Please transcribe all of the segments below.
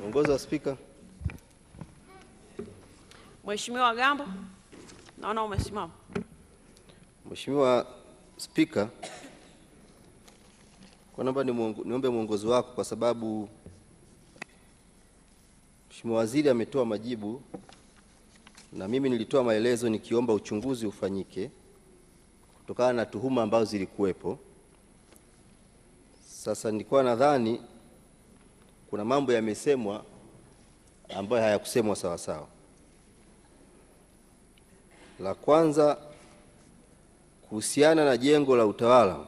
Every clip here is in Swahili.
Mwongozo wa Spika. Mheshimiwa Gambo, naona umesimama. Mheshimiwa Spika, kwa naomba niombe mwongozo wako kwa sababu Mheshimiwa Waziri ametoa majibu na mimi nilitoa maelezo nikiomba uchunguzi ufanyike kutokana na tuhuma ambazo zilikuwepo. Sasa nilikuwa nadhani kuna mambo yamesemwa ambayo hayakusemwa sawa sawa. La kwanza kuhusiana na jengo la utawala,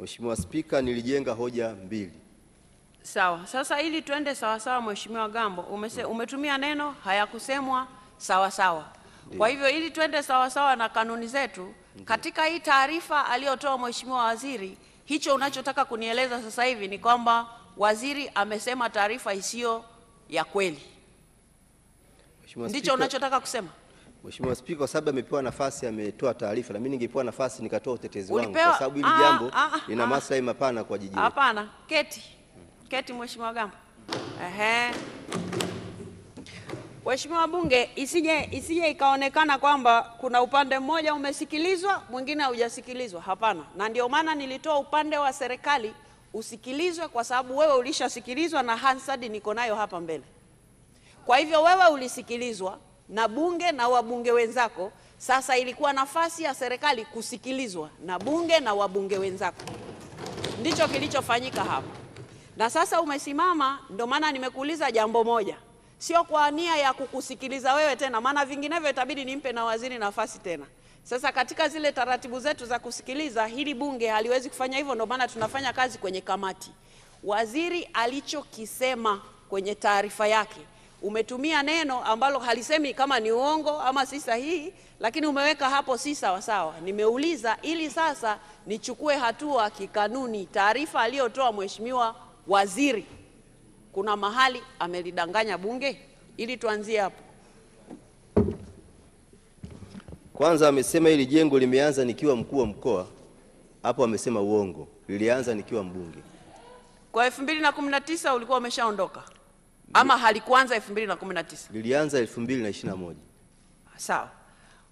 Mheshimiwa Spika, nilijenga hoja mbili. Sawa. Sasa ili tuende sawa sawa, Mheshimiwa Gambo umese, mm. umetumia neno hayakusemwa sawa sawa. Kwa hivyo ili tuende sawa sawa na kanuni zetu, katika hii taarifa aliyotoa Mheshimiwa Waziri Hicho unachotaka kunieleza sasa hivi ni kwamba waziri amesema taarifa isiyo ya kweli, ndicho unachotaka kusema? Mheshimiwa Spika, kwa sababu amepewa nafasi ametoa taarifa, na mimi ningepewa nafasi nikatoa utetezi wangu, kwa sababu hili ah, jambo ah, ah, lina maslahi mapana kwa jiji. Hapana, keti keti, Mheshimiwa Gamba. Ehe. Waheshimiwa wabunge, isije, isije ikaonekana kwamba kuna upande mmoja umesikilizwa mwingine haujasikilizwa. Hapana, na ndio maana nilitoa upande wa serikali usikilizwe, kwa sababu wewe ulishasikilizwa na Hansard niko nayo hapa mbele. Kwa hivyo wewe ulisikilizwa na bunge na wabunge wenzako. Sasa ilikuwa nafasi ya serikali kusikilizwa na bunge na wabunge wenzako, ndicho kilichofanyika hapa, na sasa umesimama. Ndio maana nimekuuliza jambo moja sio kwa nia ya kukusikiliza wewe tena, maana vinginevyo itabidi nimpe na waziri nafasi tena. Sasa katika zile taratibu zetu za kusikiliza, hili bunge haliwezi kufanya hivyo, ndio maana tunafanya kazi kwenye kamati. Waziri alichokisema kwenye taarifa yake, umetumia neno ambalo halisemi kama ni uongo ama si sahihi, lakini umeweka hapo si sawasawa. Nimeuliza ili sasa nichukue hatua kikanuni. Taarifa aliyotoa mheshimiwa waziri kuna mahali amelidanganya bunge ili tuanzie hapo. Kwanza amesema hili jengo limeanza nikiwa mkuu wa mkoa, hapo amesema uongo, lilianza nikiwa mbunge. Kwa 2019 ulikuwa umeshaondoka ama halikuanza 2019? Lilianza 2021. Sawa.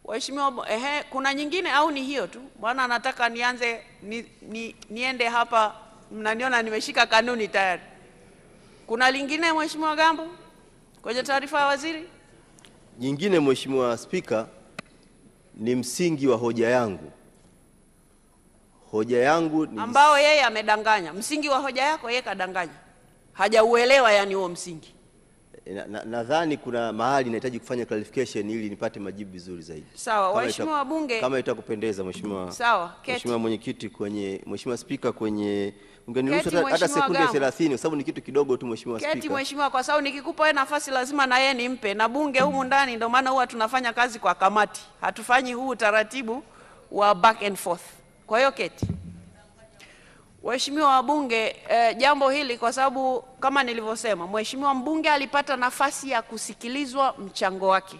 Waheshimiwa, ehe, kuna nyingine au ni hiyo tu? Bwana anataka nianze ni, ni, niende hapa, mnaniona nimeshika kanuni tayari. Kuna lingine Mheshimiwa Gambo kwenye taarifa ya waziri? Nyingine Mheshimiwa Spika, ni msingi wa hoja yangu. Hoja yangu ni ambao yeye amedanganya. Msingi wa hoja yako yeye kadanganya, hajauelewa yani huo msingi nadhani eh, na, na kuna mahali nahitaji kufanya clarification ili nipate majibu vizuri zaidi. Sawa, waheshimiwa wabunge, kama itakupendeza mheshimiwa. Mm, sawa, mheshimiwa mwenyekiti, kwenye mheshimiwa spika, kwenye ungeniruhusu hata sekunde 30 kwa sababu ni kitu kidogo tu mheshimiwa spika. Keti mheshimiwa, kwa sababu nikikupa wewe nafasi lazima na yeye nimpe, na bunge humu mm. ndani ndio maana huwa tunafanya kazi kwa kamati, hatufanyi huu utaratibu wa back and forth. Kwa hiyo keti. Waheshimiwa wabunge eh, jambo hili kwa sababu kama nilivyosema, mheshimiwa mbunge alipata nafasi ya kusikilizwa mchango wake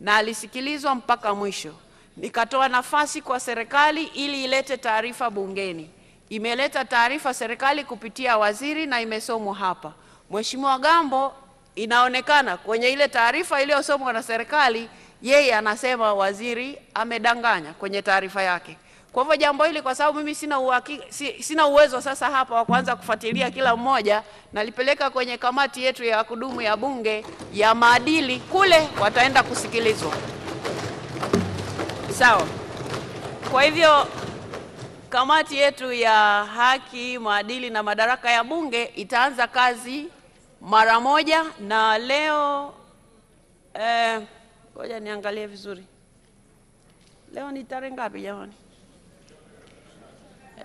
na alisikilizwa mpaka mwisho. Nikatoa nafasi kwa serikali ili ilete taarifa bungeni. Imeleta taarifa serikali kupitia waziri na imesomwa hapa. Mheshimiwa Gambo, inaonekana kwenye ile taarifa iliyosomwa na serikali, yeye anasema waziri amedanganya kwenye taarifa yake. Kwa hivyo jambo hili, kwa sababu mimi sina, uhakika, sina uwezo sasa hapa wa kuanza kufuatilia kila mmoja, nalipeleka kwenye kamati yetu ya kudumu ya Bunge ya maadili, kule wataenda kusikilizwa, sawa. Kwa hivyo kamati yetu ya haki, maadili na madaraka ya Bunge itaanza kazi mara moja na leo eh, ngoja eh, niangalie vizuri leo ni tarehe ngapi jamani?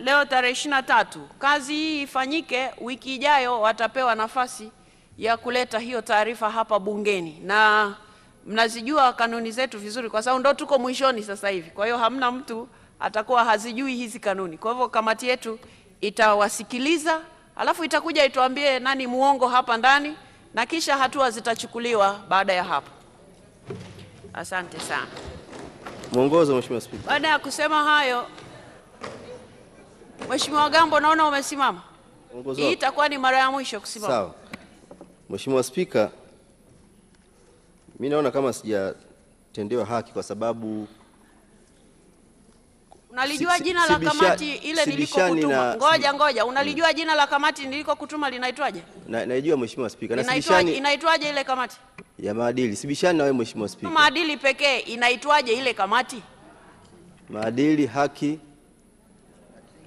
leo tarehe ishirini na tatu. Kazi hii ifanyike, wiki ijayo watapewa nafasi ya kuleta hiyo taarifa hapa bungeni, na mnazijua kanuni zetu vizuri, kwa sababu ndo tuko mwishoni sasa hivi. Kwa hiyo hamna mtu atakuwa hazijui hizi kanuni. Kwa hivyo kamati yetu itawasikiliza, alafu itakuja ituambie nani muongo hapa ndani, na kisha hatua zitachukuliwa baada ya hapo. Asante sana. Mwongozo, Mheshimiwa Spika. Baada ya kusema hayo Mheshimiwa Gambo, naona umesimama. Hii itakuwa ni mara ya mwisho kusimama. Sawa. Mheshimiwa Spika, mimi naona kama sijatendewa haki kwa sababu unalijua jina la kamati ile nilikokutuma. Ngoja ngoja, hmm. unalijua jina la kamati nilikokutuma linaitwaje? Na, naijua Mheshimiwa Spika. Na inaitwaje ile kamati ya maadili? Sibishani na wewe Mheshimiwa Spika. Maadili pekee inaitwaje ile kamati? Maadili, haki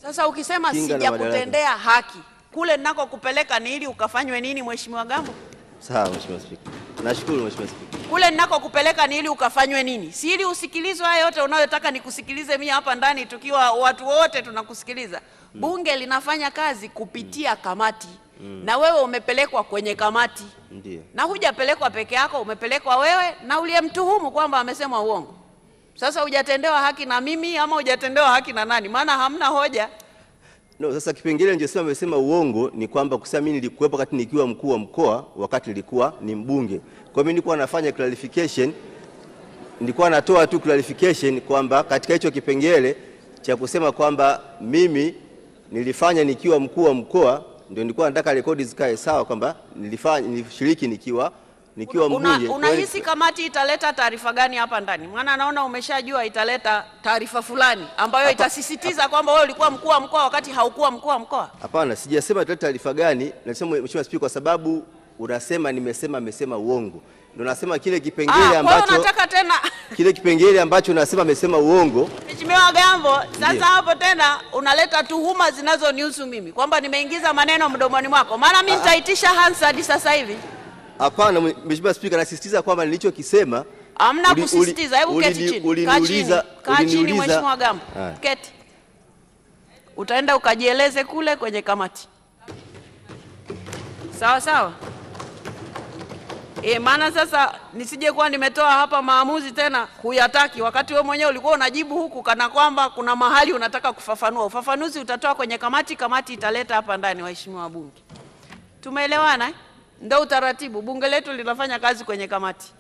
sasa ukisema sija kutendea haki, kule kupeleka ni ili ukafanywe nini, Mheshimiwa Gambo? Sawa Mheshimiwa Spika. Nashukuru Mheshimiwa Spika. Kule kupeleka ni ili ukafanywe nini? Si ili usikilizwe haya yote unayotaka nikusikilize mimi hapa ndani tukiwa watu wote tunakusikiliza. Mm. Bunge linafanya kazi kupitia mm. kamati. Mm. Na wewe umepelekwa kwenye kamati. Ndiyo. Na hujapelekwa peke yako, umepelekwa wewe na uliyemtuhumu kwamba amesema uongo. Sasa hujatendewa haki na mimi ama hujatendewa haki na nani? Maana hamna hoja. No, sasa kipengele nilichosema amesema uongo ni kwamba kusema mimi nilikuwepo wakati nikiwa mkuu wa mkoa, wakati nilikuwa ni mbunge. Kwa hiyo mimi nilikuwa nafanya clarification, nilikuwa natoa tu clarification kwamba katika hicho kipengele cha kusema kwamba mimi nilifanya nikiwa mkuu wa mkoa, ndio nilikuwa nataka rekodi zikae sawa kwamba nilifanya nilishiriki nikiwa nikiwa mbunge. Unahisi una kamati italeta taarifa gani hapa ndani? Maana naona umeshajua italeta taarifa fulani ambayo apa, itasisitiza kwamba wewe ulikuwa mkuu wa mkoa wakati haukuwa mkuu wa mkoa. Hapana, sijasema italeta taarifa gani. Nasema Mheshimiwa Spika, kwa sababu unasema nimesema amesema uongo, ndio nasema kile kipengele ah, ambacho unataka tena kile kipengele ambacho unasema amesema uongo. Mheshimiwa Gambo, sasa hapo tena unaleta tuhuma zinazonihusu mimi kwamba nimeingiza maneno mdomoni mwako, maana mimi ah, ah. nitaitisha Hansard sasa hivi. Hapana Mheshimiwa Spika, nasisitiza kwamba nilichokisema amna kusisitiza. Hebu keti chini, uliniuliza chini, Mheshimiwa Gambo, ah. keti, utaenda ukajieleze kule kwenye kamati, sawa sawa. E, maana sasa nisije kuwa nimetoa hapa maamuzi tena huyataki, wakati wewe mwenyewe ulikuwa unajibu huku kana kwamba kuna mahali unataka kufafanua. Ufafanuzi utatoa kwenye kamati, kamati italeta hapa ndani, waheshimiwa wabunge. Tumeelewana eh? Ndio utaratibu. Bunge letu linafanya kazi kwenye kamati.